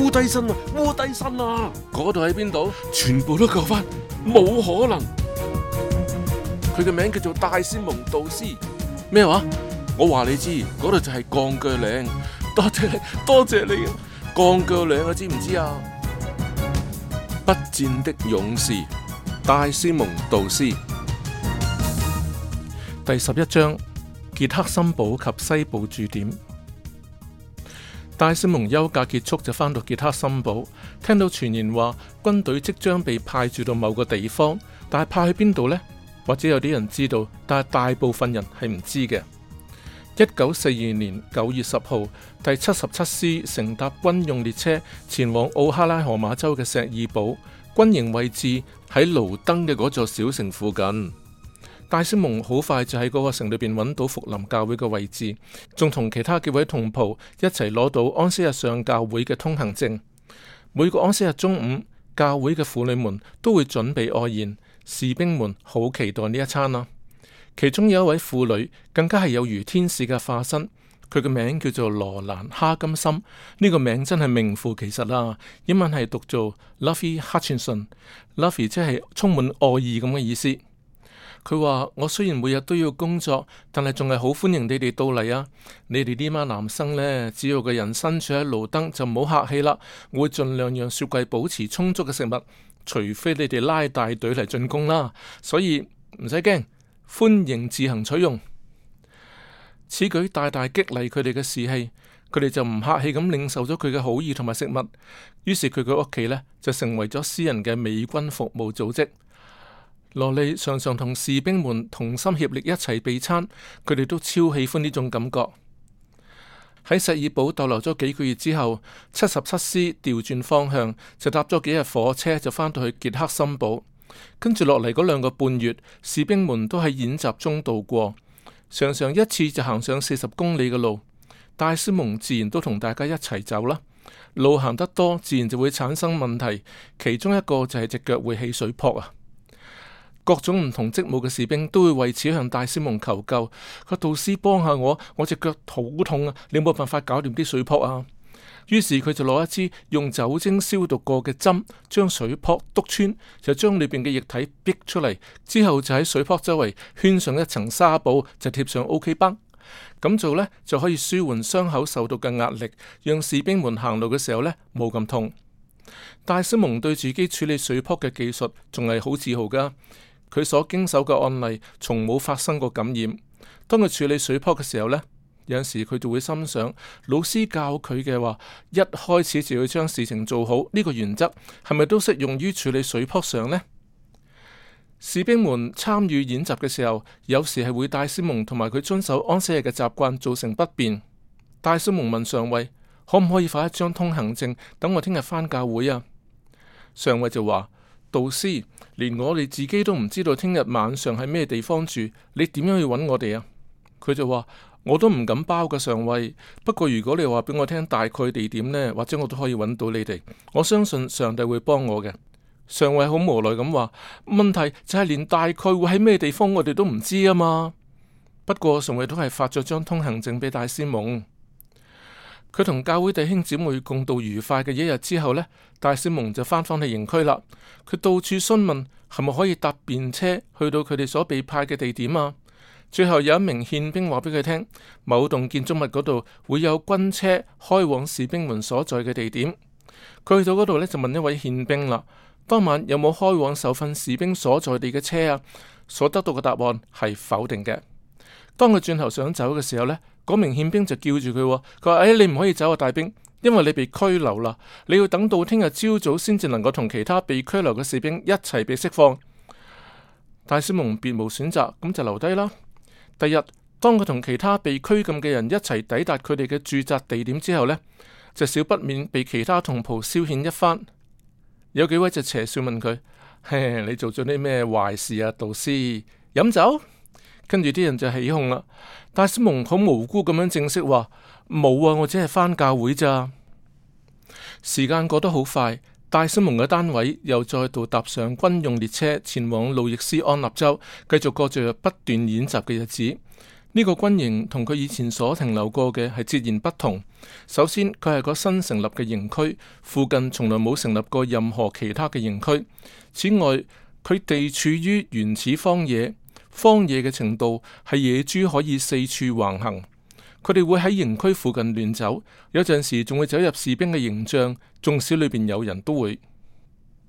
烏低身啊，烏低身啊！嗰度喺邊度？全部都救翻，冇可能。佢嘅名叫做戴斯蒙杜斯，咩話？我話你知，嗰度就係鋼鋸嶺。多謝你，多謝你。鋼鋸嶺啊，知唔知啊？不戰的勇士，戴斯蒙杜斯，第十一章：傑克森堡及西部駐點。戴斯蒙休假結束就返到傑克森堡，聽到傳言話軍隊即將被派駐到某個地方，但係派去邊度呢？或者有啲人知道，但係大部分人係唔知嘅。一九四二年九月十號，第七十七師乘搭軍用列車前往奧克拉荷馬州嘅石爾堡軍營位置，喺盧登嘅嗰座小城附近。戴斯蒙好快就喺嗰個城裏邊揾到福林教會嘅位置，仲同其他幾位同袍一齊攞到安息日上教會嘅通行證。每個安息日中午，教會嘅婦女們都會準備愛宴，士兵們好期待呢一餐啦。其中有一位婦女更加係有如天使嘅化身，佢嘅名叫做羅蘭哈金森，呢個名真係名副其實啦。英文係讀做 Lovey Hutchinson，Lovey 即係充滿愛意咁嘅意思。佢話：我雖然每日都要工作，但係仲係好歡迎你哋到嚟啊！你哋呢班男生呢，只要個人身處喺路燈，就唔好客氣啦。我會盡量讓雪櫃保持充足嘅食物，除非你哋拉大隊嚟進攻啦。所以唔使驚，歡迎自行取用。此舉大大激勵佢哋嘅士氣，佢哋就唔客氣咁領受咗佢嘅好意同埋食物。於是佢嘅屋企呢，就成為咗私人嘅美軍服務組織。蘿莉常常同士兵們同心協力一齊備餐，佢哋都超喜歡呢種感覺。喺塞爾堡逗留咗幾個月之後，七十七師調轉方向，就搭咗幾日火車就翻到去傑克森堡。跟住落嚟嗰兩個半月，士兵們都喺演習中度過，常常一次就行上四十公里嘅路。戴斯蒙自然都同大家一齊走啦。路行得多，自然就會產生問題，其中一個就係隻腳會起水泡啊。各種唔同職務嘅士兵都會為此向戴斯蒙求救。個導師，幫下我，我隻腳好痛啊！你冇辦法搞掂啲水泡啊？於是佢就攞一支用酒精消毒過嘅針，將水泡督穿，就將裏邊嘅液體逼出嚟。之後就喺水泡周圍圈上一層紗布，就貼上 O.K. 繃。咁做呢，就可以舒緩傷口受到嘅壓力，讓士兵們行路嘅時候呢冇咁痛。戴斯蒙對自己處理水泡嘅技術仲係好自豪噶。佢所經手嘅案例，從冇發生過感染。當佢處理水泡嘅時候呢，有陣時佢就會心想，老師教佢嘅話，一開始就要將事情做好，呢、這個原則係咪都適用於處理水泡上呢？士兵們參與演習嘅時候，有時係會戴斯蒙同埋佢遵守安息日嘅習慣造成不便。戴斯蒙問上尉，可唔可以發一張通行證，等我聽日返教會啊？上尉就話，導師，連我哋自己都唔知道聽日晚上喺咩地方住，你點樣去揾我哋啊？佢就話，我都唔敢包嘅，上尉。不過如果你話俾我聽大概地點呢，或者我都可以揾到你哋。我相信上帝會幫我嘅。上尉好無奈咁話，問題就係連大概會喺咩地方，我哋都唔知啊嘛。不過上尉都係發咗張通行證俾戴斯蒙。佢同教會弟兄姊妹共度愉快嘅一日之後呢，戴斯蒙就翻返去營區啦。佢到處詢問係咪可以搭便車去到佢哋所被派嘅地點啊？最後有一名憲兵話俾佢聽，某棟建築物嗰度會有軍車開往士兵們所在嘅地點。佢去到嗰度呢，就問一位憲兵啦：當晚有冇開往受訓士兵所在地嘅車啊？所得到嘅答案係否定嘅。當佢轉頭想走嘅時候呢。嗰名憲兵就叫住佢，哦，佢話：哎，你唔可以走啊，大兵，因為你被拘留啦，你要等到聽日朝早先至能夠同其他被拘留嘅士兵一齊被釋放。戴斯蒙別無選擇，咁就留低啦。第二日，當佢同其他被拘禁嘅人一齊抵達佢哋嘅駐紮地點之後呢，就少不免被其他同袍消遣一番。有幾位就邪笑問佢：嘿，你做咗啲咩壞事啊？導師，飲酒，跟住啲人就起哄啦。戴斯蒙好無辜咁樣正式話，冇啊，我只係翻教會咋。時間過得好快，戴斯蒙嘅單位又再度搭上軍用列車前往路易斯安納州，繼續過着不斷演習嘅日子。呢個軍營同佢以前所停留過嘅係截然不同。首先，佢係個新成立嘅營區，附近從來冇成立過任何其他嘅營區。此外，佢地處於原始荒野。荒野嘅程度係野豬可以四處橫行，佢哋會喺營區附近亂走，有陣時仲會走入士兵嘅營帳，縱使裏邊有人都會。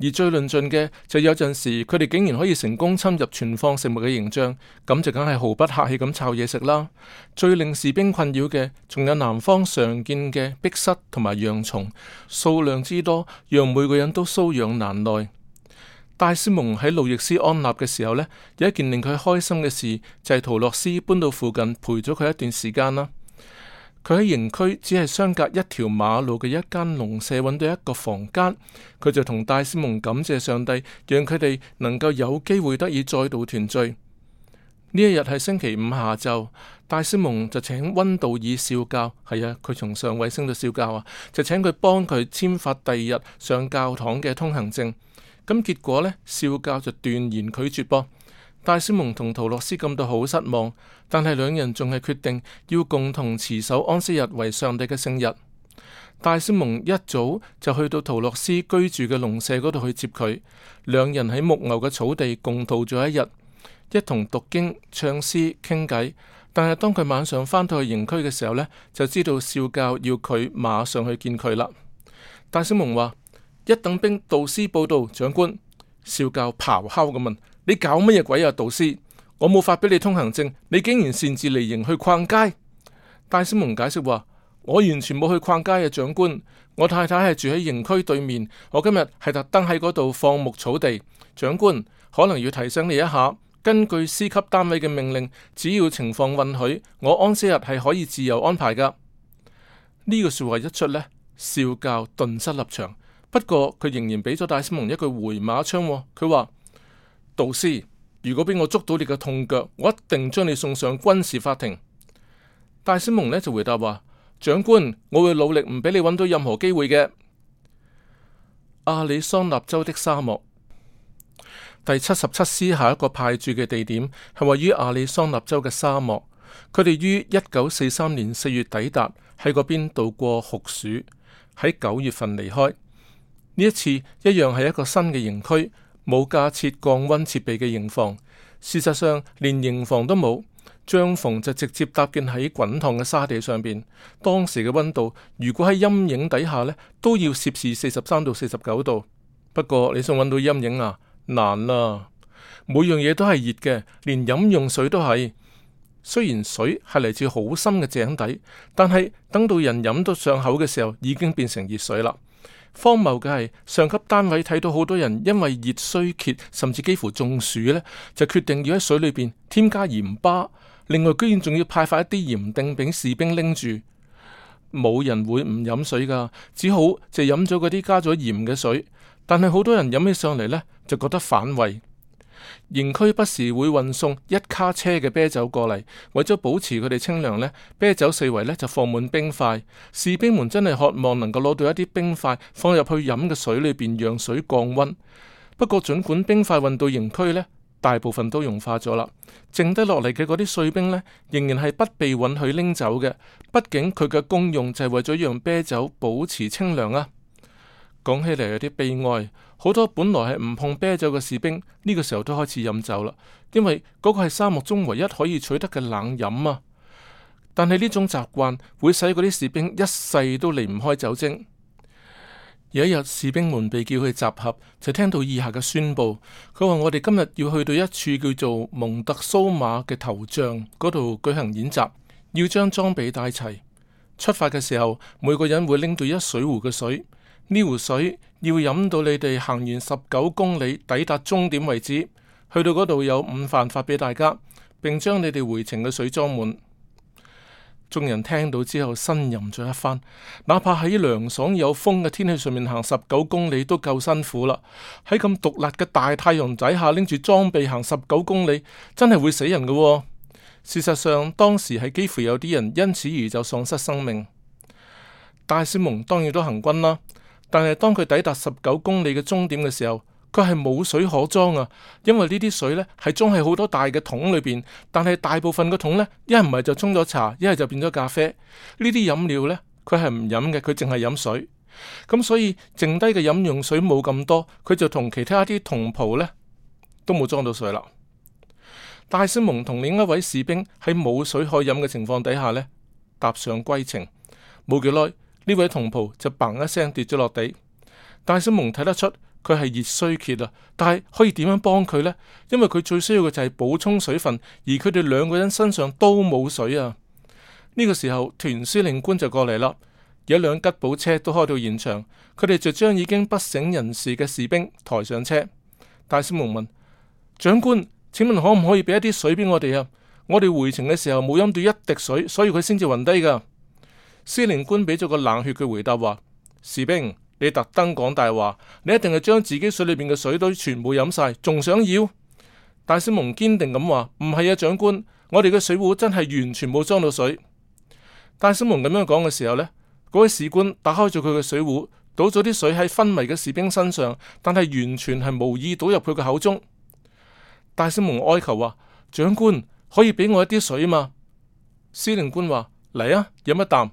而最論盡嘅就有陣時佢哋竟然可以成功侵入存放食物嘅營帳，咁就梗係毫不客氣咁摷嘢食啦。最令士兵困擾嘅仲有南方常見嘅壁虱同埋恙蟲，數量之多，讓每個人都搔癢難耐。戴斯蒙喺路易斯安納嘅時候呢，有一件令佢開心嘅事，就係、是、陶洛斯搬到附近陪咗佢一段時間啦。佢喺營區只係相隔一條馬路嘅一間農舍揾到一個房間，佢就同戴斯蒙感謝上帝，讓佢哋能夠有機會得以再度團聚。呢一日係星期五下晝，戴斯蒙就請溫道爾少教，係啊，佢從上尉升到少教啊，就請佢幫佢簽發第二日上教堂嘅通行證。咁結果呢，少校就斷然拒絕噃。戴斯蒙同陶洛斯感到好失望，但係兩人仲係決定要共同持守安息日為上帝嘅聖日。戴斯蒙一早就去到陶洛斯居住嘅農舍嗰度去接佢，兩人喺牧牛嘅草地共度咗一日，一同讀經、唱詩、傾偈。但係當佢晚上翻到去營區嘅時候呢，就知道少校要佢馬上去見佢啦。戴斯蒙話。一等兵杜斯報到，長官，少校咆哮咁問：你搞乜嘢鬼啊？杜斯，我冇發俾你通行證，你竟然擅自離營去逛街。戴斯蒙解釋話：我完全冇去逛街啊，長官。我太太係住喺營區對面，我今日係特登喺嗰度放牧草地。長官，可能要提醒你一下，根據司級單位嘅命令，只要情況允許，我安息日係可以自由安排噶。呢、這個說話一出呢，少校頓失立場。不過佢仍然俾咗戴斯蒙一句回馬槍，哦，佢話：導師，如果俾我捉到你嘅痛腳，我一定將你送上軍事法庭。戴斯蒙呢就回答話：長官，我會努力唔俾你揾到任何機會嘅。阿里桑那州的沙漠，第七十七師下一個派駐嘅地點係位於阿里桑那州嘅沙漠。佢哋於一九四三年四月抵達，喺嗰邊度過酷暑，喺九月份離開。呢一次一樣係一個新嘅營區，冇架設降溫設備嘅營房，事實上連營房都冇，帳篷就直接搭建喺滾燙嘅沙地上邊。當時嘅溫度，如果喺陰影底下呢，都要攝氏四十三到四十九度。不過你想搵到陰影啊，難啦啊。每樣嘢都係熱嘅，連飲用水都係。雖然水係嚟自好深嘅井底，但係等到人飲到上口嘅時候，已經變成熱水啦。荒謬嘅係，上級單位睇到好多人因為熱衰竭甚至幾乎中暑呢，就決定要喺水裏邊添加鹽巴。另外，居然仲要派發一啲鹽錠，俾士兵拎住。冇人會唔飲水噶，只好就飲咗嗰啲加咗鹽嘅水。但係好多人飲起上嚟，呢，就覺得反胃。營區不時會運送一卡車嘅啤酒過嚟，為咗保持佢哋清涼呢，啤酒四圍呢就放滿冰塊。士兵們真係渴望能夠攞到一啲冰塊放入去飲嘅水裏邊，讓水降溫。不過，儘管冰塊運到營區呢，大部分都融化咗啦。剩低落嚟嘅嗰啲碎冰呢，仍然係不被允許拎走嘅，畢竟佢嘅功用就係為咗讓啤酒保持清涼啊。講起嚟有啲悲哀，好多本來係唔碰啤酒嘅士兵呢個時候都開始飲酒啦，因為嗰個係沙漠中唯一可以取得嘅冷飲啊。但係呢種習慣會使嗰啲士兵一世都離唔開酒精。有一日，士兵們被叫去集合，就聽到以下嘅宣布：佢話我哋今日要去到一處叫做蒙特蘇馬嘅頭像嗰度舉行演習，要將裝備帶齊。出發嘅時候，每個人會拎到一水壺嘅水。呢壺水要飲到你哋行完十九公里抵達終點為止，去到嗰度有午飯發俾大家，並將你哋回程嘅水裝滿。眾人聽到之後，呻吟咗一番。哪怕喺涼爽有風嘅天氣上面行十九公里都夠辛苦啦。喺咁毒辣嘅大太陽底下拎住裝備行十九公里，真係會死人㗎喎。事實上，當時係幾乎有啲人因此而就喪失生命。戴斯蒙當然都行軍啦。但係當佢抵達十九公里嘅終點嘅時候，佢係冇水可裝啊，因為呢啲水呢係裝喺好多大嘅桶裏邊，但係大部分嘅桶呢，一係唔係就沖咗茶，一係就變咗咖啡。呢啲飲料呢，佢係唔飲嘅，佢淨係飲水。咁所以剩低嘅飲用水冇咁多，佢就同其他啲同袍呢都冇裝到水啦。戴斯蒙同另一位士兵喺冇水可飲嘅情況底下呢，踏上歸程，冇幾耐。呢位同袍就砰一聲跌咗落地，戴斯蒙睇得出佢係熱衰竭啊，但係可以點樣幫佢呢？因為佢最需要嘅就係補充水分，而佢哋兩個人身上都冇水啊。呢、這個時候，團司令官就過嚟啦，有一輛吉普車都開到現場，佢哋就將已經不省人事嘅士兵抬上車。戴斯蒙問，長官，請問可唔可以俾一啲水俾我哋啊？我哋回程嘅時候冇飲到一滴水，所以佢先至暈低噶。司令官俾咗個冷血嘅回答話：士兵，你特登講大話，你一定係將自己水裏面嘅水都全部飲晒，仲想要？戴斯蒙堅定咁話：唔係啊，長官，我哋嘅水壺真係完全冇裝到水。戴斯蒙咁樣講嘅時候呢，嗰位士官打開咗佢嘅水壺，倒咗啲水喺昏迷嘅士兵身上，但係完全係無意倒入佢嘅口中。戴斯蒙哀求話：長官，可以俾我一啲水啊嘛？司令官話：嚟啊，飲一啖。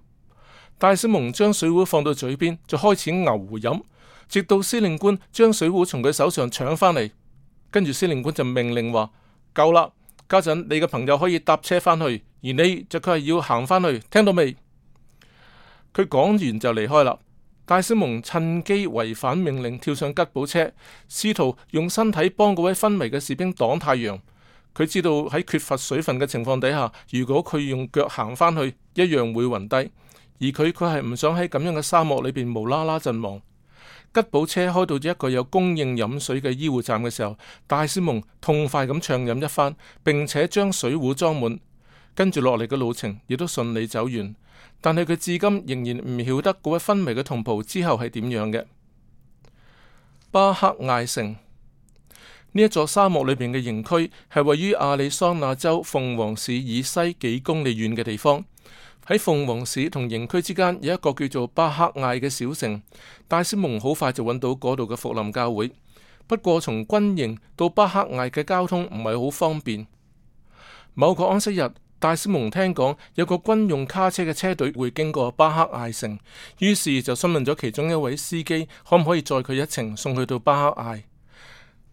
戴斯蒙將水壺放到嘴邊，就開始牛壺飲，直到司令官將水壺從佢手上搶返嚟，跟住司令官就命令話：夠啦，家陣你嘅朋友可以搭車返去，而你就佢係要行返去，聽到未？佢講完就離開啦。戴斯蒙趁機違反命令，跳上吉普車，試圖用身體幫嗰位昏迷嘅士兵擋太陽。佢知道喺缺乏水分嘅情況底下，如果佢用腳行返去，一樣會暈低。而佢佢係唔想喺咁樣嘅沙漠裏邊無啦啦陣亡。吉普車開到一個有供應飲水嘅醫護站嘅時候，戴斯蒙痛快咁暢飲一番，並且將水壺裝滿。跟住落嚟嘅路程亦都順利走完，但係佢至今仍然唔曉得嗰位昏迷嘅同袍之後係點樣嘅。巴克艾城呢一座沙漠裏邊嘅營區，係位於亞利桑那州鳳凰市以西幾公里遠嘅地方。喺鳳凰市同營區之間有一個叫做巴克艾嘅小城，戴斯蒙好快就揾到嗰度嘅復臨教會。不過從軍營到巴克艾嘅交通唔係好方便。某個安息日，戴斯蒙聽講有個軍用卡車嘅車隊會經過巴克艾城，於是就詢問咗其中一位司機，可唔可以載佢一程，送去到巴克艾。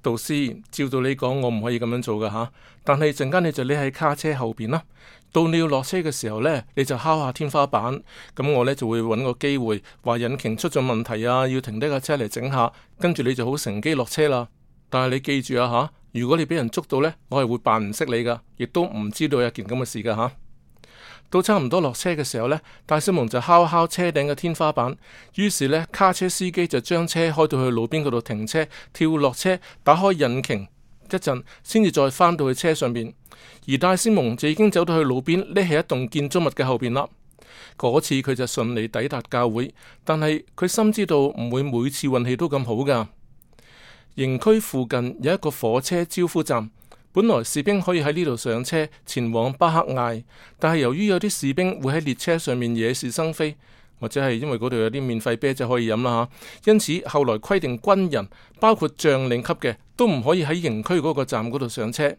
導師，照道理講，我唔可以咁樣做噶吓。但係陣間你就匿喺卡車後邊啦。到你要落車嘅時候呢，你就敲下天花板。咁我呢就會揾個機會話引擎出咗問題啊，要停低架車嚟整下。跟住你就好乘機落車啦。但係你記住啊吓，如果你俾人捉到呢，我係會扮唔識你噶，亦都唔知道有件咁嘅事噶吓。到差唔多落車嘅時候呢，戴斯蒙就敲敲車頂嘅天花板，於是呢，卡車司機就將車開到去路邊嗰度停車，跳落車，打開引擎一陣，先至再翻到去車上面。而戴斯蒙就已經走到去路邊，匿喺一棟建築物嘅後邊啦。嗰次佢就順利抵達教會，但係佢深知道唔會每次運氣都咁好噶。營區附近有一個火車招呼站。本來士兵可以喺呢度上車前往巴克艾，但係由於有啲士兵會喺列車上面惹是生非，或者係因為嗰度有啲免費啤酒可以飲啦嚇，因此後來規定軍人包括將領級嘅都唔可以喺營區嗰個站嗰度上車。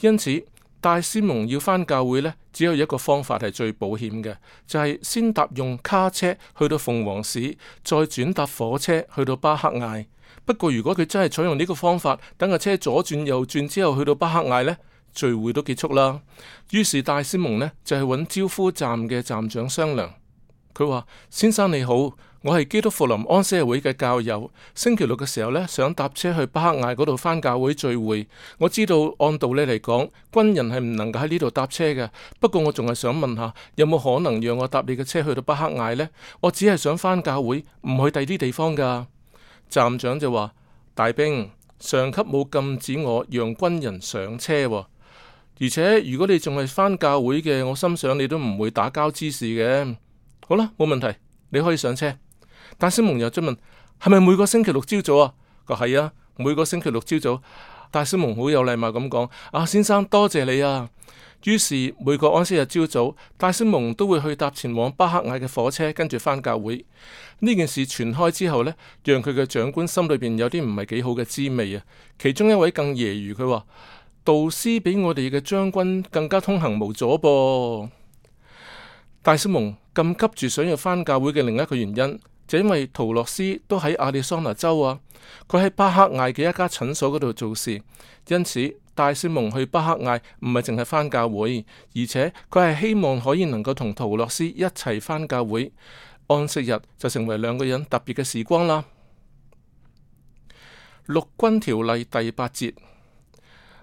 因此戴斯蒙要返教會呢，只有一個方法係最保險嘅，就係、是、先搭用卡車去到鳳凰市，再轉搭火車去到巴克艾。不過如果佢真係採用呢個方法，等架車左轉右轉之後去到北克艾呢，聚會都結束啦。於是戴斯蒙呢就是、去揾招呼站嘅站長商量。佢話：先生你好，我係基督復臨安息會嘅教友，星期六嘅時候呢，想搭車去北克艾嗰度翻教會聚會。我知道按道理嚟講，軍人係唔能夠喺呢度搭車嘅。不過我仲係想問下，有冇可能讓我搭你嘅車去到北克艾呢？我只係想翻教會，唔去第啲地方噶。站長就話：大兵，上級冇禁止我讓軍人上車喎，而且如果你仲係返教會嘅，我心想你都唔會打交滋事嘅。好啦，冇問題，你可以上車。戴斯蒙又再問：係咪每個星期六朝早啊？咁係啊，每個星期六朝早。戴斯蒙好有禮貌咁講：阿、啊、先生多謝你啊！於是每個安息日朝早，戴斯蒙都會去搭前往巴克艾嘅火車，跟住返教會。呢件事傳開之後呢，讓佢嘅長官心裏邊有啲唔係幾好嘅滋味啊！其中一位更揶揄佢話：導師比我哋嘅將軍更加通行無阻噃、啊！戴斯蒙咁急住想要返教會嘅另一個原因。就因為陶洛斯都喺亞利桑那州啊，佢喺巴克艾嘅一家診所嗰度做事，因此戴斯蒙去巴克艾唔係淨係返教會，而且佢係希望可以能夠同陶洛斯一齊返教會，安息日就成為兩個人特別嘅時光啦。陸軍條例第八節，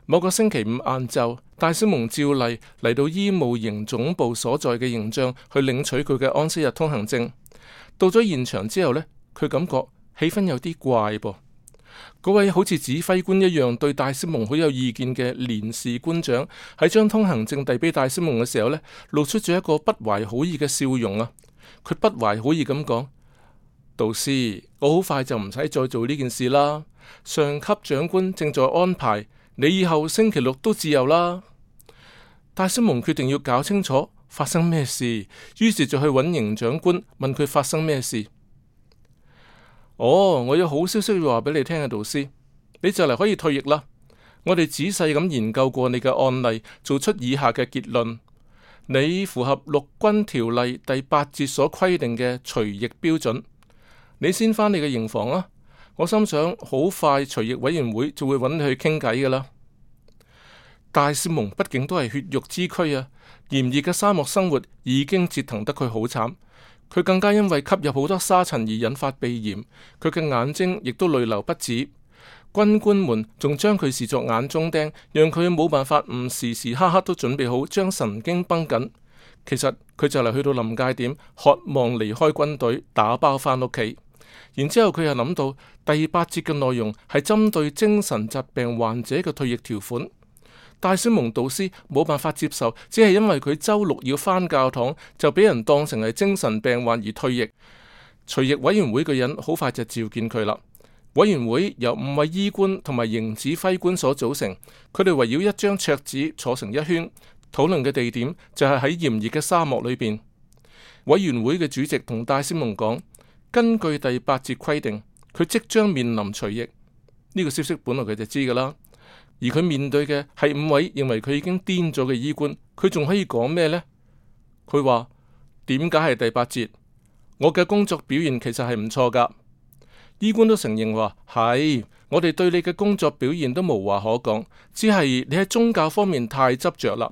某個星期五晏晝，戴斯蒙照例嚟到醫務營總部所在嘅營帳，去領取佢嘅安息日通行證。到咗現場之後呢，佢感覺氣氛有啲怪噃。嗰位好似指揮官一樣對戴斯蒙好有意見嘅連士官長喺將通行證遞俾戴斯蒙嘅時候呢，露出咗一個不懷好意嘅笑容啊！佢不懷好意咁講：杜斯，我好快就唔使再做呢件事啦。上級長官正在安排，你以後星期六都自由啦。戴斯蒙決定要搞清楚。發生咩事？於是就去揾營長官，問佢發生咩事？哦，我有好消息要話俾你聽啊，導師，你就嚟可以退役啦。我哋仔細咁研究過你嘅案例，做出以下嘅結論：你符合陸軍條例第八節所規定嘅除役標準，你先返你嘅營房啦。我心想，好快除役委員會就會揾你去傾偈噶啦。戴斯蒙畢竟都係血肉之軀啊，炎熱嘅沙漠生活已經折騰得佢好慘，佢更加因為吸入好多沙塵而引發鼻炎，佢嘅眼睛亦都淚流不止。軍官們仲將佢視作眼中釘，讓佢冇辦法唔時時刻刻都準備好將神經繃緊。其實佢就嚟去到臨界點，渴望離開軍隊，打包返屋企。然之後佢又諗到第八節嘅內容係針對精神疾病患者嘅退役條款。戴斯蒙導師冇辦法接受，只係因為佢周六要翻教堂，就俾人當成係精神病患而退役。除役委員會嘅人好快就召見佢啦。委員會由五位醫官同埋營指揮官所組成，佢哋圍繞一張桌子坐成一圈，討論嘅地點就係喺炎熱嘅沙漠裏邊。委員會嘅主席同戴斯蒙講：根據第八節規定，佢即將面臨除役。呢個消息本來佢就知噶啦。而佢面對嘅係五位認為佢已經癲咗嘅醫官，佢仲可以講咩呢？佢話點解係第八節？我嘅工作表現其實係唔錯噶。醫官都承認話係，我哋對你嘅工作表現都無話可講，只係你喺宗教方面太執着啦。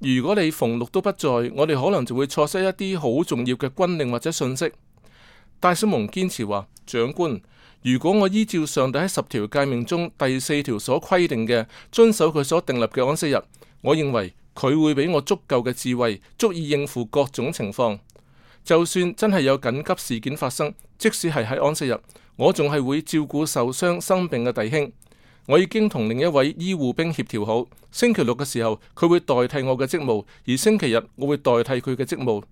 如果你逢六都不在，我哋可能就會錯失一啲好重要嘅軍令或者信息。戴斯蒙堅持話，長官。如果我依照上帝喺十條誡命中第四條所規定嘅，遵守佢所訂立嘅安息日，我認為佢會俾我足夠嘅智慧，足以應付各種情況。就算真係有緊急事件發生，即使係喺安息日，我仲係會照顧受傷生病嘅弟兄。我已經同另一位醫護兵協調好，星期六嘅時候佢會代替我嘅職務，而星期日我會代替佢嘅職務。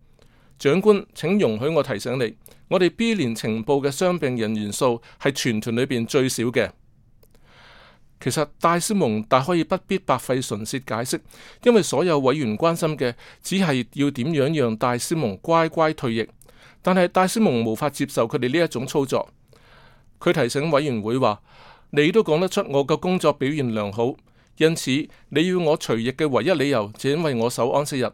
長官，請容許我提醒你，我哋 B 連情報嘅傷病人員數係全團裏邊最少嘅。其實戴斯蒙大可以不必白費唇舌解釋，因為所有委員關心嘅只係要點樣讓戴斯蒙乖乖退役。但係戴斯蒙無法接受佢哋呢一種操作。佢提醒委員會話：你都講得出我嘅工作表現良好，因此你要我除役嘅唯一理由就因為我守安息日。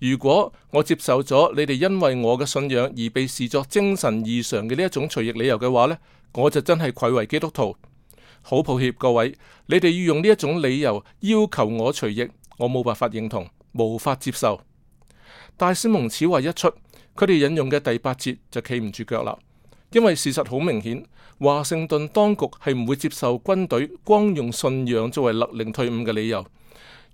如果我接受咗你哋因為我嘅信仰而被視作精神異常嘅呢一種除役理由嘅話呢，我就真係愧為基督徒。好抱歉，各位，你哋要用呢一種理由要求我除役，我冇辦法認同，無法接受。戴斯蒙此話一出，佢哋引用嘅第八節就企唔住腳啦，因為事實好明顯，華盛頓當局係唔會接受軍隊光用信仰作為勒令退伍嘅理由。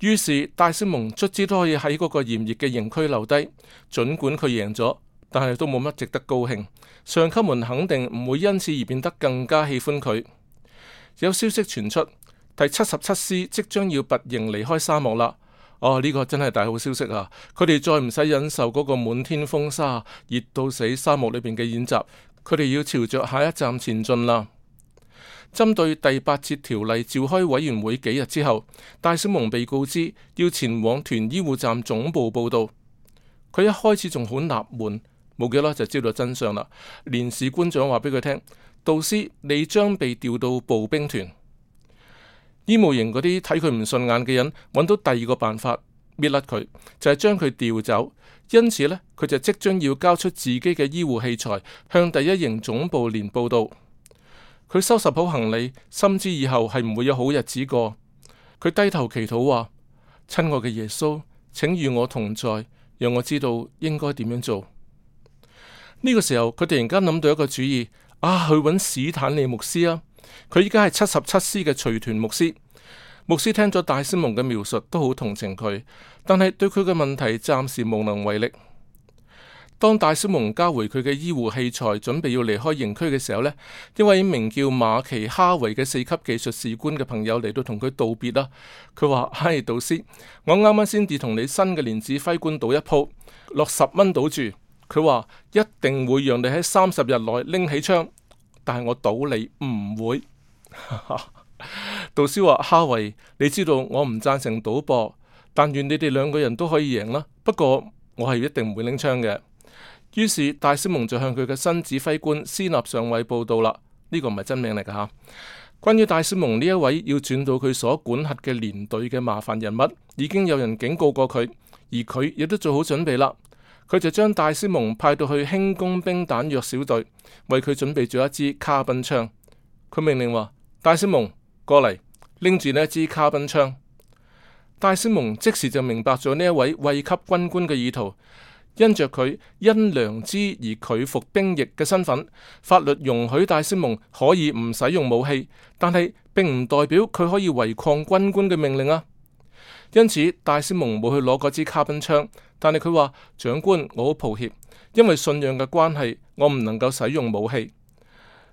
於是戴斯蒙卒之都可以喺嗰個炎熱嘅營區留低，儘管佢贏咗，但係都冇乜值得高興。上級們肯定唔會因此而變得更加喜歡佢。有消息傳出，第七十七師即將要拔營離開沙漠啦！哦，呢個真係大好消息啊！佢哋再唔使忍受嗰個滿天風沙、熱到死沙漠裏邊嘅演習，佢哋要朝着下一站前進啦。針對第八節條例召開委員會幾日之後，戴斯蒙被告知要前往團醫護站總部報到。佢一開始仲好納悶，冇幾耐就知道真相啦。連士官長話俾佢聽：杜斯，你將被調到步兵團醫務營。嗰啲睇佢唔順眼嘅人，揾到第二個辦法，搣甩佢，就係、是、將佢調走。因此呢，佢就即將要交出自己嘅醫護器材，向第一營總部連報道。佢收拾好行李，心知以後係唔會有好日子過。佢低頭祈禱話：親愛嘅耶穌，請與我同在，讓我知道應該點樣做。呢、這個時候，佢突然間諗到一個主意，啊，去揾史坦利牧師啊！佢依家係七十七師嘅隨團牧師。牧師聽咗戴斯蒙嘅描述，都好同情佢，但係對佢嘅問題暫時無能為力。當戴斯蒙交回佢嘅醫護器材，準備要離開營區嘅時候，呢一位名叫馬奇哈維嘅四級技術士官嘅朋友嚟到同佢道別啦。佢話：嗨、哎，杜斯，我啱啱先至同你新嘅連指揮官賭一鋪，落十蚊賭注。佢話一定會讓你喺三十日內拎起槍，但係我賭你唔會。 杜斯話：哈維，你知道我唔贊成賭博，但願你哋兩個人都可以贏啦。不過我係一定唔會拎槍嘅。於是戴斯蒙就向佢嘅新指揮官斯納上尉報到啦，呢、這個唔係真名嚟噶吓。關於戴斯蒙呢一位要轉到佢所管轄嘅連隊嘅麻煩人物，已經有人警告過佢，而佢亦都做好準備啦。佢就將戴斯蒙派到去輕工兵彈，彈藥小隊，為佢準備咗一支卡賓槍。佢命令話，戴斯蒙過嚟，拎住呢一支卡賓槍。戴斯蒙即時就明白咗呢一位位級軍官嘅意圖。因着佢因良知而拒服兵役嘅身份，法律容許戴斯蒙可以唔使用武器，但係並唔代表佢可以違抗軍官嘅命令啊。因此，戴斯蒙冇去攞嗰支卡賓槍，但係佢話：長官，我好抱歉，因為信仰嘅關係，我唔能夠使用武器。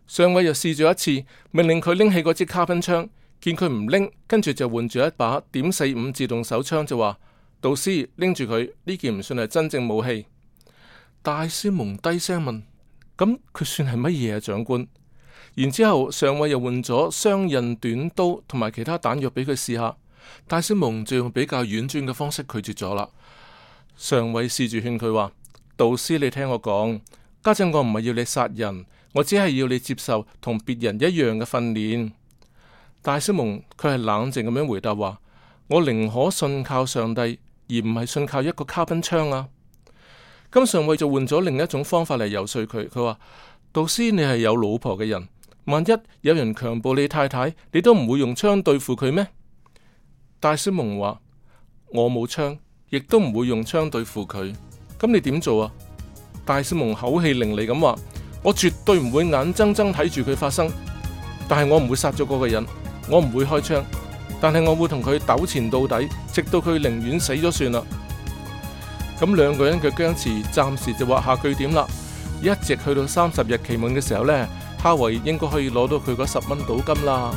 上尉又試咗一次，命令佢拎起嗰支卡賓槍，見佢唔拎，跟住就換住一把點四五自動手槍就話。杜斯拎住佢呢件唔算係真正武器，戴斯蒙低聲問：咁佢算係乜嘢啊，長官？然之後上尉又換咗雙刃短刀同埋其他彈藥俾佢試下，戴斯蒙就用比較婉轉嘅方式拒絕咗啦。上尉試住勸佢話：杜斯，你聽我講，家陣我唔係要你殺人，我只係要你接受同別人一樣嘅訓練。戴斯蒙佢係冷靜咁樣回答話：我寧可信靠上帝。而唔係信靠一個卡賓槍啊！金上尉就換咗另一種方法嚟遊說佢，佢話：杜斯，你係有老婆嘅人，萬一有人強暴你太太，你都唔會用槍對付佢咩？戴斯蒙話：我冇槍，亦都唔會用槍對付佢。咁你點做啊？戴斯蒙口氣凌厲咁話：我絕對唔會眼睜睜睇住佢發生，但係我唔會殺咗嗰個人，我唔會開槍。但係我會同佢糾纏到底，直到佢寧願死咗算啦。咁兩個人嘅僵持暫時就畫下句點啦。一直去到三十日期滿嘅時候咧，哈維應該可以攞到佢嗰十蚊賭金啦。